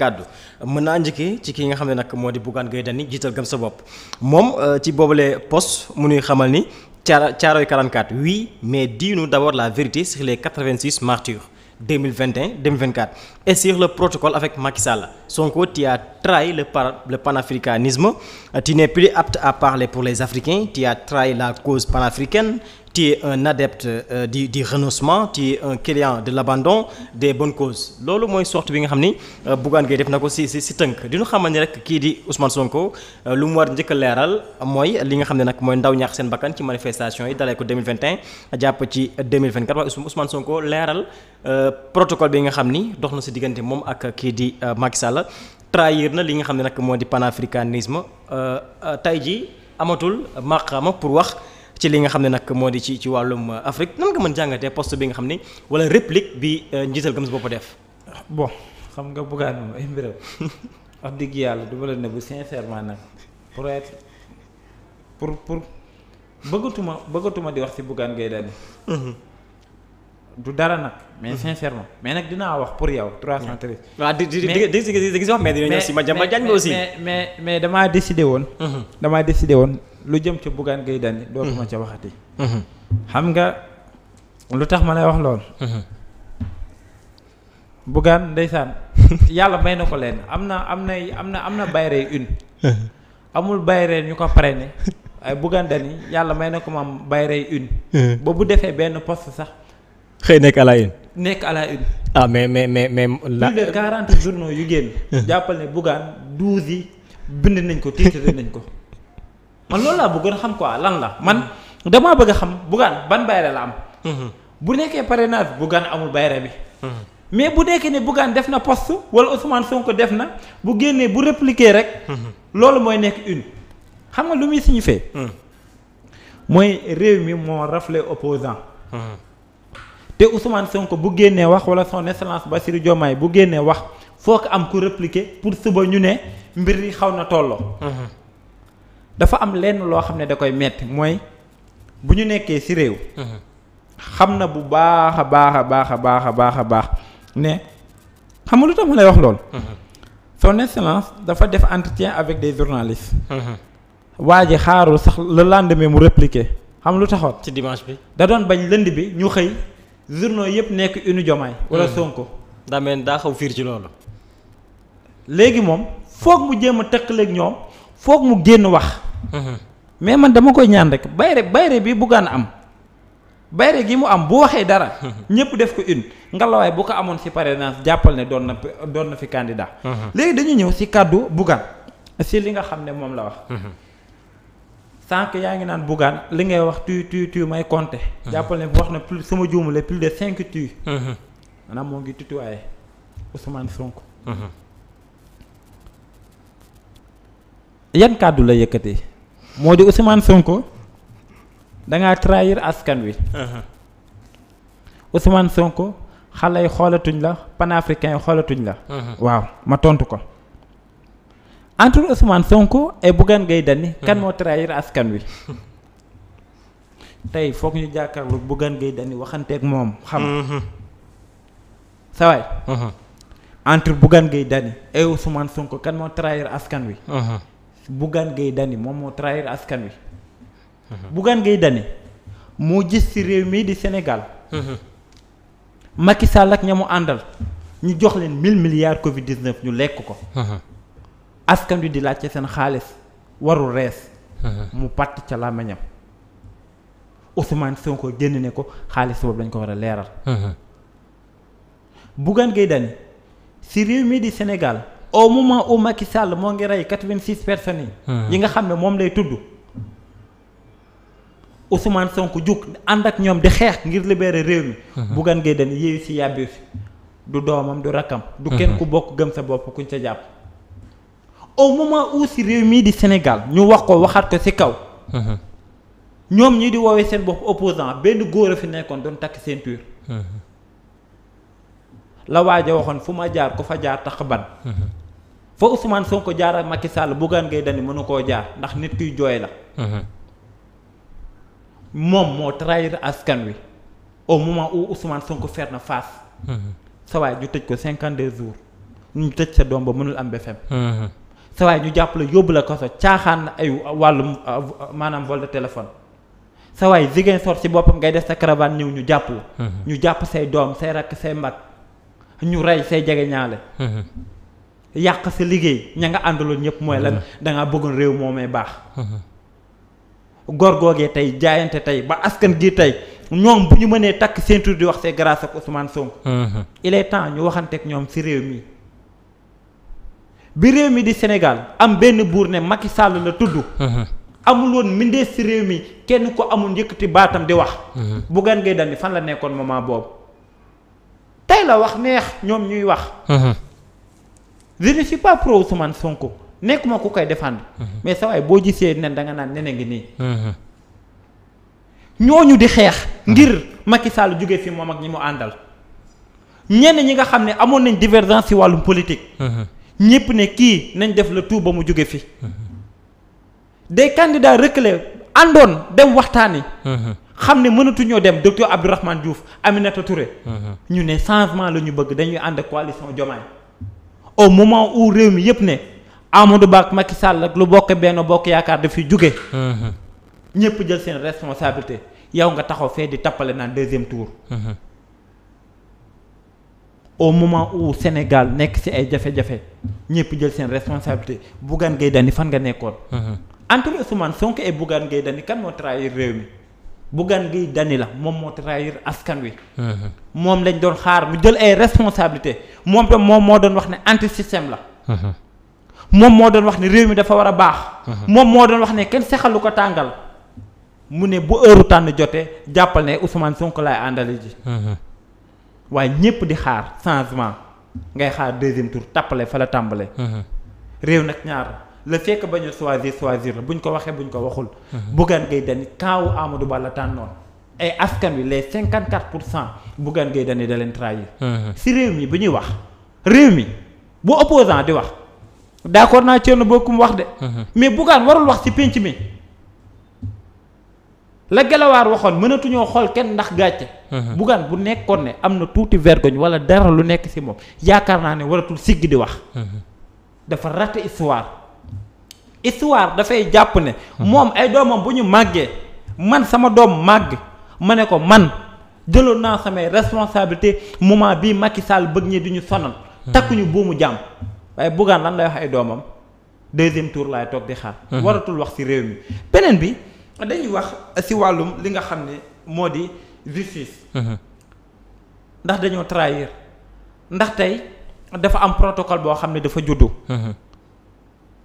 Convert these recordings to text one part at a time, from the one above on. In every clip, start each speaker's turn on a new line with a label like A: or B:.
A: kàddu mën naa njëkkee ci ki nga xam ne nag moo di Bougane Gueye Dany jiital gëm sa bopp moom euh, ci boobule poste mu nuy xamal ni caaro caaroy 44 oui mais dis-nous d'abord la vérité sur les 86 martyrs 2021 2024 et sur le avec Macky Sall Sonko tiyaat trahi le, pan, le panafricanisme, euh, tu n'es plus apte à parler pour les Africains, tu as trahi la cause panafricaine, tu es un adepte di euh, du du renoncement tu es un client de l'abandon de bon causes loolu mooy sorte bi nga xam ni euh, Bougane Gueye def na ko si si si tënk di ñu xamal ni rek kii di Ousmane Sonko lu mu war njëkk leeral mooy li nga xam ne nag mooy ndaw ñaax seen bakkan ci manifestation yi dalee ko 2021 jàpp ci 2024 waaye Ousmane Sonko leeral protocole bi nga xam ni dox na si diggante moom ak kii di Macky trahir na li nga xam ne nag moo di panafricanisme euh, euh, tey jii amatul maqaama pour wax ci li nga xam ne nag moo di ci ci wàllum Afrique nan nga mën jàngatee poste bi nga xam ne wala réplique bi euh, njiital gëm sa bopp def.
B: bon xam nga bugaan moom ay mbiram wax dëgg yàlla duma ma la nëbb sincèrement nag pour pour pour bëggatuma bëggatuma di wax ci bugaan ngay dani du dara nag. mais mhm. sincèrement mais nag dinaa wax pour yow 313. waaw di di di di gis wax mais dina ñëw si Madiambal Diagne aussi. mais mais mais damaa décidé woon. Mhm. damaa décidé woon lu jëm ci Bougane Gueye Dany. dootuma mhm. ca waxati. xam nga lu tax ma lay wax lool. Bougane ndeysaan yàlla may na ko leen am na am na am na am na bayre une. amul bayre ñu ko parrainé ay Bougane Dany yàlla may na ko moom bayre une. ba bu defee benn poste sax.
A: xëy nekk à la une.
B: nekk à la une.
A: ah mais mais mais mais. la plus de
B: quarante journaux yu génn. jàppal ne Bougane douze yi bind nañ ko titre nañ ko man loolu laa bëggoon xam quoi lan la man damaa bëgg a xam Bougane ban bayre la am. Mhm. bu nekkee parrainage Bougane amul bayre bi. Mhm. mais bu nekkee ne Bougane def na poste wala Ousmane Sonko def na bu génnee bu répliquer rek. Mhm. loolu mooy nekk une. xam nga lu muy signifie. mooy réew mi moo raflé opposant te Ousmane Sonko bu génnee wax wala son excellence Bassirou Diomaye bu génnee wax foo ko am ku répliquer pour suba ñu ne mbir yi xaw na tolloo. Mhm. dafa am lenn loo xam ne da koy metti mooy bu ñu nekkee ci réew. Mhm. xam na bu baax a baax a baax a baax a baax a baax ne xam nga lu tax ma lay wax lool. Mhm. son excellence dafa def entretien avec des journalistes. waa ji xaarul sax le lendemain mu répliquer xam lu taxoon. ci dimanche bi da doon bañ lënd bi ñu xëy. journaux yëpp nekk unu Diomaye wala hmm. Sonko. daa mel daa xaw fiir ci loolu. léegi moom foog mu jéem a tëkkaleeg ñoom foog mu génn wax. Hmm. mais man dama koy ñaan rek bayre bayre bi buggaan am bayre gi mu am bu waxee dara. Hmm. ñëpp def ko une ngelawaay bu ko amoon si parrainage jàppal ne doon na doon na fi candidat. léegi dañu ñëw si kàddu buggaan si li nga xam ne moom la wax. sànq yaa ngi naan Bougane li ngay wax tuy tuy tuy may compter. Mhm. jàppal ne wax na plus sama juumale plus de cinq tuy. Mhm. maanaam moo ngi tutuwaaye Ousmane Sonko. Mhm. yan kàddu la yëkkatee. moo di Ousmane Sonko danga ngaa askan wi. Ousmane Sonko xale xoolatuñ la panafricain xoolatuñ la. waaw ma tontu ko. entre Ousmane Sonko ay Bougane gay Dany kan hmm. moo trahir askan wi tey foog ñu jàkkaarlu Bougane Gueye Dany waxanteeg moom xam hmm. sa waay hmm. entre Bougane Gueye Dany et Ousmane Sonko kan moo trahir askan wi Bougane Gueye Dany moom moo trahir askan wi Bougane Gueye Dany moo gis ci réew mii di Sénégal Macky ak ña mu àndal ñu jox leen mille milliards Covid 19 ñu lekk ko askan wi di laajte seen xaalis warul rees. mu pàtt ca làmmiñam Ousmane Sonko jën ne ko xaalis boobu dañ ko war a leeral. Bougane Gueye Dany si réew mi di Sénégal au moment où Macky sàll moo ngi rey quatre-vingt-six personnes yi. yi nga xam ne moom lay tudd. Ousmane sonk jug ànd ak ñoom di xeex ngir libérer réew mi. Bougane Gueye Dany yéeyu si yàbbi du doomam du rakkam. du kenn ku bokk gëm sa bopp kuñ sa jàpp. au moment u si réew mii di Sénégal ñu wax ko waxaat ko ci kaw. Mhm. ñoom ñi di woowee seen bopp opposant benn góor a fi nekkoon doon takk ceinture. Mhm. la waaja waxoon fu ma jaar ku fa jaar tax ban. Mhm. foo Ousmane Sonko jaar ak Macky Sall Bougane Gueye Dany mënu koo jaar ndax nit kuy jooy la. moom moo trahir askan wi au moment u Ousmane Sonko fer na fas sa waay ñu tëj ko cinquante deux jours ñu tëj sa doom ba mënul am BFM. sa waay ñu jàpp la yóbbu la kaso caaxaan na ay wàllum euh, maanaam vol de téléphone sa waay jigéen sor ci boppam ngay def sa caravane ñëw ñu jàpp la mm-hmm. ñu jàpp say doom say rakk say mbag ñu rey say jege ñaale mm-hmm. yàq sa liggéey ña nga àndaloon ñëpp mooy lan mm-hmm. dangaa bëggoon réew moo may baax góor googee tey jaayante tey ba askan gi tey ñoom bu ñu mënee takk seen tur di wax c'est grâce ak Ousmane Sonko il temps ñu waxanteeg ñoom ci réew mi bi réew mi di Sénégal am benn buur ne Macky Sall la tudd. Mhm. amul woon mindee si réew mi kenn ko amul yëkkati baatam di wax. bu mhm. Bougane Gueye Dany fan la nekkoon moment boobu. tey la wax neex ñoom ñuy wax. Mhm. je ne suis pas pro Ousmane nekkuma ku koy défendre. mais sa waay boo gisee nen da nga naan nene ngi nii. ñooñu di xeex. ngir Macky Sall jóge fi moom ak ñi mu àndal. ñenn ñi nga xam ne amoon nañ divergence ci wàllum politique. ñëpp ne kii nañ def le tout ba mu jóge fi des candidats recalés àndoon dem waxtaani xam ne mënatuñoo dem docteur Abdourahmane Diouf Aminata Touré. ñu ne changement la ñu bëgg dañuy ànd coalition Diomaye au moment où réew mi yëpp ne Amadou Ba ak Macky Sall ak lu bokk benn bokk yaakaar dafiy jóge ñëpp jël seen responsabilité yow nga taxaw fee di tappale naan deuxième tour. au moment où Sénégal nekk ci ay jafe-jafe ñëpp jël seen responsabilité Bougane Gueye Dany fan nga nekkoon. entre mhm. Ousmane Sonko et Bougane Gueye Dany kan moo trahir réew mi Bougane Gueye Dany la moom moo trahir askan wi. Mhm. moom lañ doon xaar mu jël ay responsabilité moom tam moom moo doon wax ne anti système la. Mhm. moom moo doon wax ne réew mi dafa war a baax. moom moo doon wax ne kenn sexalu ko tàngal mu ne bu heure tànn jote jàppal ne Ousmane Sonko laay àndale ji. waaye ñëpp di xaar changement ngay xaar deuxième tour tappale fa la tàmbale mhm. réew nag ñaar la fekk ba ñu choisir choisir la buñ ko waxee buñ ko waxul mhm. Bougane Gueye Dany kaawu Amadou Ba la tànnoon ay askan wi les cinquante quatre pour cent Bougane Gueye Dany da leen mhm. si réew mi bu ñuy wax réew mi bu opposant di wax d'accord naa na Thierno Bocoum wax de mais Bougane warul wax ci pénc mi la gelawaar waxoon mënatuñoo xool kenn ndax gàcce. Mhm. bugaan bu nekkoon ne am na tuuti vergoñ wala dara lu nekk ci moom yaakaar naa ne waratul sigg di wax. Mhm. dafa raté histoire. histoire dafay jàpp ne. moom ay doomam bu ñu màggee man sama doom màgg ma ne ko man jëloon naa samay responsabilité moment bii Macky Sall bëgg ñi di ñu sonal. Mhm. takkuñu buumu jàmm waaye bugaan lan lay wax ay doomam deuxième tour laay toog di xaar. waratul wax ci réew mi beneen bi. dañuy wax si wàllum li nga xam ne moo di justice. Mhm. ndax dañoo trahir ndax tey dafa am protocole boo xam ne dafa juddu. Mhm.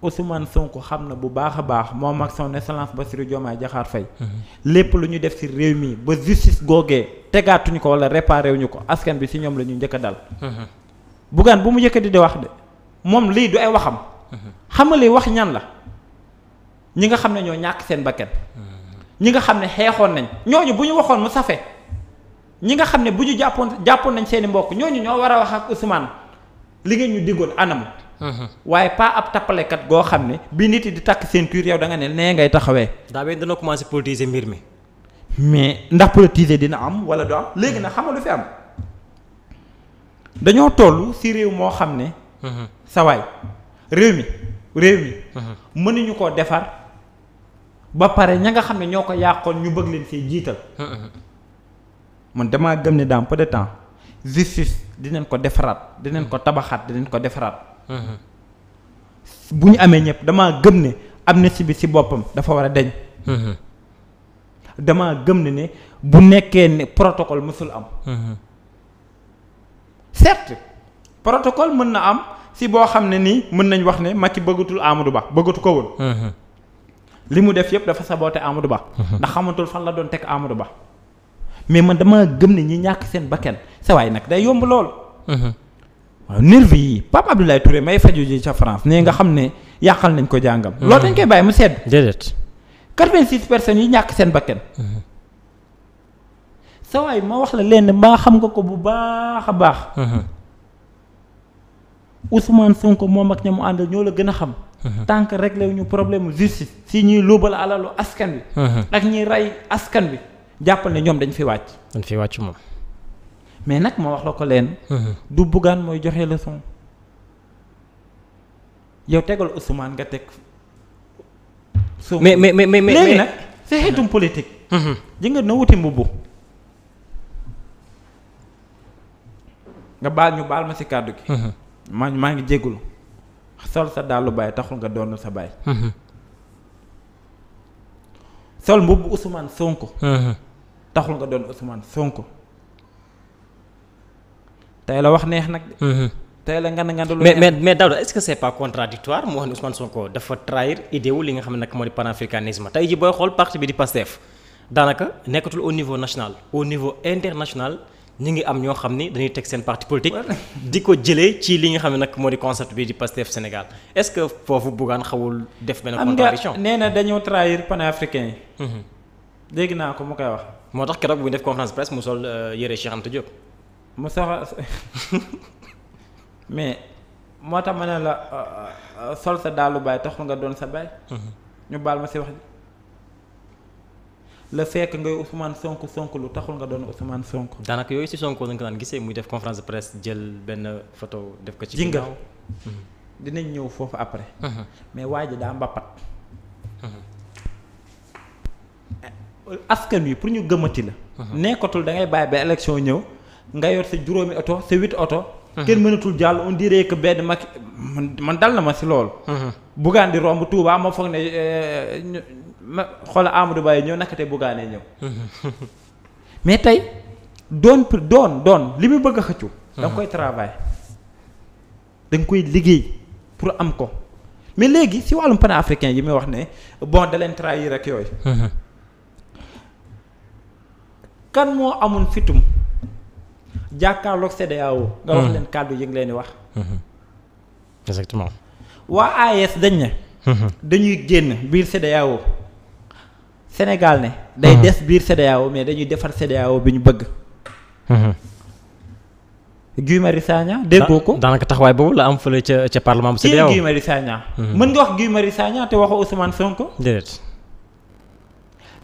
B: Ousmane Sonko xam na bu baax a baax moom ak son excellence Bassirou Diomaye Diakhar fay mhm. lépp lu ñu def ci réew mi ba justice googee tegaatuñu ko wala réparé wuñu ko askan bi ci ñoom lañuy ñu njëkk a dal. Bougane bu mu yëkkati di wax de moom lii du ay waxam. xam nga lii wax ñan la. ñi nga xam ne ñoo ñàkk seen bakket ñi nga xam ne xeexoon nañ ñooñu bu ñu waxoon mu safe ñi nga xam ne bu ñu jàppoon jàppoon nañ seen i mbokk ñooñu ñoo war a wax ak Ousmane li ñu diggoon anam. Mhm. waaye pas ab tappalekat goo xam ne bi nit yi di takk seen cuir yow da nga ne nee ngay taxawee. daa benn
A: dana commencé politiser mbir mi.
B: mais ndax politiser dina am wala du am léegi
A: nag xam nga lu fi am
B: dañoo toll si réew moo xam ne. Mhm. sa waay réew mi réew mi. Mhm. mënuñu koo defar. ba pare ña nga xam ne ñoo ko yàqoon ñu bëgg leen fee jiital. man damaa gëm ne dans peur de temps justice dinañ ko defaraat dinañ ko tabaxaat dinañ ko defaraat. bu ñu amee ñëpp dama gëm ne am amnistie bi si boppam dafa war a deñ. damaa gëm ne ne bu nekkee ne protocole mësul am. certes protocole mën na am si boo xam ne nii mën nañ wax ne Macky bëggatul Amadou Ba bëggatu ko woon. li mu def yëpp dafa saboté Amadou Ba. Mhm. ndax xamatul fan la doon teg Amadou Ba. mais man dama gëm ne ñi ñàkk seen bakken sewaay nag day yomb lool. Mhm. waaw nervi yi Pape Abdoulaye Touré may faju ji ca France nee nga xam ne yàqal nañ ko jàngam. Mhm. loolu dañ koy bàyyi mu sedd. déedéet. 86 personnes yi ñàkk seen bakkan. sa waay ma wax la lenn mbaa xam nga ko bu baax a baax. Ousmane Sonko moom ak ña mu àndal ñoo la gën a xam. Uh-huh. tant que réglé wu ñu problème justice si ñuy luubal alalu askan wi. Uh-huh. ak ñi ray askan bi jàppal ne ñoom dañ fi wàcc.
A: dañ fi wàcc moom.
B: mais nag ma wax la ko leen. Uh-huh. du Bougane mooy joxe son yow tegal Ousmane nga teg. soo mais mais mais mais léegi nag c' est xeetum politique. ji nga nga baal ñu baal ma si kàddu maa ngi jégalu. sol sa dàllu baay taxul nga doon sa baay. Mhm. sol mbubbu Ousmane Sonko. Mhm. taxul nga doon Ousmane Sonko. tey la wax neex nag. Mhm.
A: tey la nga ne nga ne mais mais mais Daouda est-ce que c'est pas contradictoire mu wax ne Ousmane Sonko dafa trahir idée wu li nga xam ne nag moo di panafricanisme tey ji booy xool parti bi di Pastef daanaka nekkatul au niveau national au niveau international ñu ngi am ñoo xam ni dañuy teg seen parti politique. di ko jëlee ci li nga xam ne nag moo di concept bi di Pastef Sénégal est-ce que foofu Bougane xawul def benn contradiction nee na dañoo trahir panafricain yi. Mhm. dégg naa ko mu koy wax. moo tax keroog bu ñu def conférence presse mu sol euh, yére Cheikh Anta Diop. mu sax mais moo tax ma ne la
B: euh, euh, sol sa daalu tax taxul nga doon sa baay. Mhm. ñu baal ma si wax. la fekk ngay Ousmane sonk sonk lu taxul nga doon Ousmane sonk
A: daanaka yooyu si Sonko lañ ko daan gisee muy def conférence de presse jël benn photo def ko ci. jingal
B: mhm. dinañ ñëw foofu après. Mhm. mais waa ji daa mbappat. Mhm. Eh, askan wi pour ñu gëmati la. nekkatul da ngay bàyyi ba élection ñëw nga yor sa juróomi oto sa huit oto. Mhm. kenn mënatul jàll on dirait que benn mag man dal na ma si lool. Mhm. Bougane di romb Touba ma foog ne eh, ma xoola Amadou Ba ñëw nakate Bougane ñëw. Mhm. mais tey doon doon doon li mu bëgg a xëccu. da koy travail da koy liggéey pour am ko mais léegi si wàllum panafricain yi muy wax ne bon da leen yi rek yooyu. kan moo amoon fitum. jàkkaarloog CEDEAO. nga wax hmm. leen kàddu yi ngi leen di wax.
A: Hmm. exactement.
B: waa AES dañ ne. Hmm. dañuy génn biir CEDEAO Sénégal ne. day des biir CEDEAO mais dañuy defar CEDEAO bi ñu bëgg. Guy Marius Sagna
A: déggoo ko. daanaka taxawaay boobu la am fële ca ca parlement bu CEDEAO kii mën
B: nga wax Guy Marius Sagna te waxoo Ousmane Sonko. déedéet.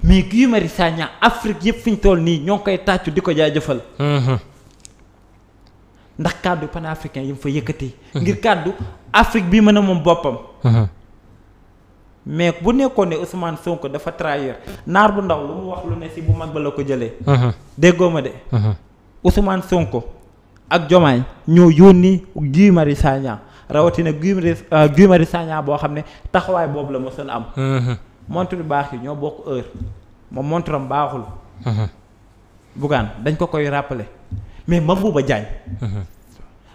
B: mais Guy Marius Afrique yëpp fi ñu nii ñoo koy tàccu di ko jaajëfal. ndax kàddu panafricain yi mu fa yëkkati. Mhm. ngir kàddu Afrique bii mën a moom boppam. Mhm. mais bu nekkoon ne Ousmane Sonko dafa trahir naar bu ndaw lu mu wax lu ne si bu mag ba la ko jëlee. Mhm. déggoo ma de. Ousmane Sonko ak Jomaay ñoo yónni Guy Marius rawatina euh, Guy Marius Sagna boo xam ne taxawaay boobu la mosoon am. mont yu baax yi ñoo bokk heure moom montre baaxul. Bougane dañ ko koy rappeler. mais Mabouba Diagne.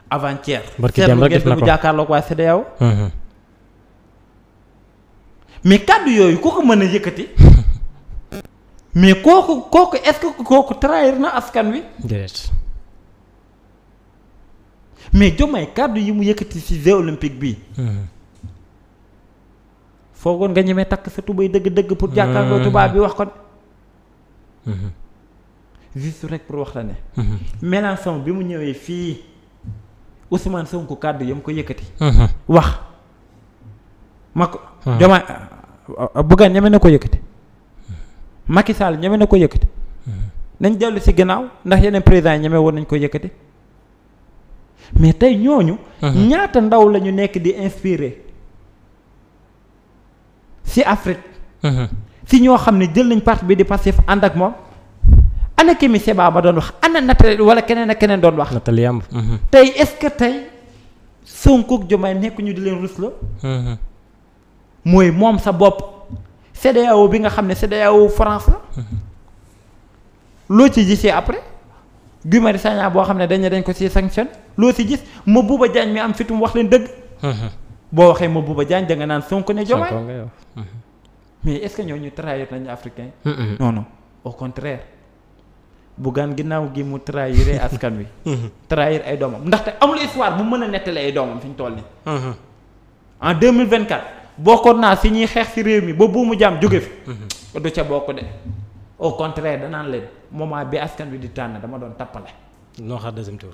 B: avant-hier. barki dem rek def na ko seetlu ngeen mu jàkkaarloog mais kàddu yooyu ku ko mën a yëkkati. mais kooku kooku est kooku trahir na askan wi. déedéet. mais Diomaye kàddu yi mu yëkkati ci Jeux olympiques bi. foogoon nga ñemee takk sa tubay dëgg-dëgg. pour jàkkaarloo tubaab bi wax ko juste rek pour wax la ne. Mhm. Mélenchon bi mu ñëwee fii Ousmane Sonko kàddu yam ko yëkkati. Mhm. wax ma ko. Mhm. Diomaye Bougane ñeme na ko yëkkati. Macky Sall ñeme na ko yëkkati. nañ dellu si gannaaw ndax yeneen président yi ñeme woon nañ ko yëkkati. mais tey ñooñu. ñaata ndaw la ñu nekk di inspiré si Afrique. ci ñoo xam ne jël nañ parti bi di Pastef ànd ak moom. ana Kémi Séba ba doon wax ana Nathalie wala
A: keneen ak keneen doon wax. Nathalie Yamb. Mhm.
B: tey est-ce que tey Sonko ak Diomaye nekk ñu di leen rusloo. Mhm. mooy moom sa bopp. CEDEAO bi nga xam ne CEDEAO France la. Mhm. loo ci gisee après. Guy Marius Sagna boo xam ne dañ ne dañ ko ci sanction loo ci gis ma Buuba Jaañ mi am fitum wax leen dëgg. boo waxee ma Buuba Jaañ da nga naan Sonko ne Diomaye. mais est-ce que ñooñu trahir nañu africain. non au contraire. Bougane ginnaaw gi mu trahiré askan wi. Mhm. trahir ay doomam ndaxte amul histoire bu mën a nettali ay doomam fi ñu toll nii. Mhm. en deux mille vingt bokkoon naa fi ñuy xeex si réew mi ba buumu jaam jóge fi. Mhm. du ca bokk de au contraire danaan leen moment bi askan wi di tànn dama doon tappale.
A: noo xaar deuxième tour.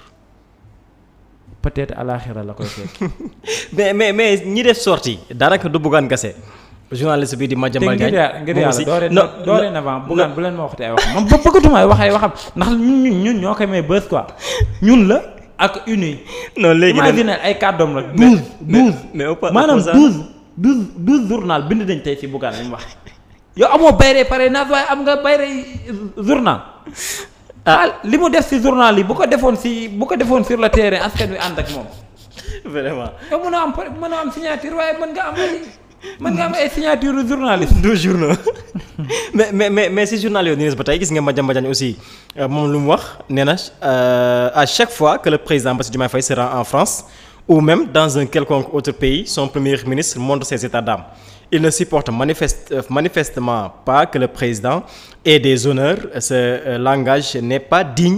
A: peut-être la koy fekk. mais mais mais ñi def sortie daanaka du Bougane kese. journaliste bii di Madiambal Diagne te ngir bu leen ma waxatee ay wax
B: moom bëggatuma ay waxam ndax ñun ñun ñoo koy may bës quoi ñun la ak uni. non léegi nag imagine ay kàddoom rek. douze douze mais maanaam douze douze douze journal bind nañ tey ci Bougane li mu wax yow amoo bayre pare naaf waaye am nga bayre journal. ah li mu def ci journal yi bu ko defoon ci bu ko defoon sur le terrain askan wi ànd ak moom. vraiment. yow mën a am mën a am signature waaye mën nga am
A: man nga am ay signature journaliste du journaux mais mais mais mais si journal yooyu nii ba tey gis nga Madiambal Diagne aussi euh, moom lu mu wax nee na euh, à chaque fois que président Bassirou Diomaye Faye se rend en France ou même dans un quelconque autre pays son premier ministre montre ses états d'âme il ne supporte manifeste euh, manifestement pas que président ait des honneurs langage n'est pas digne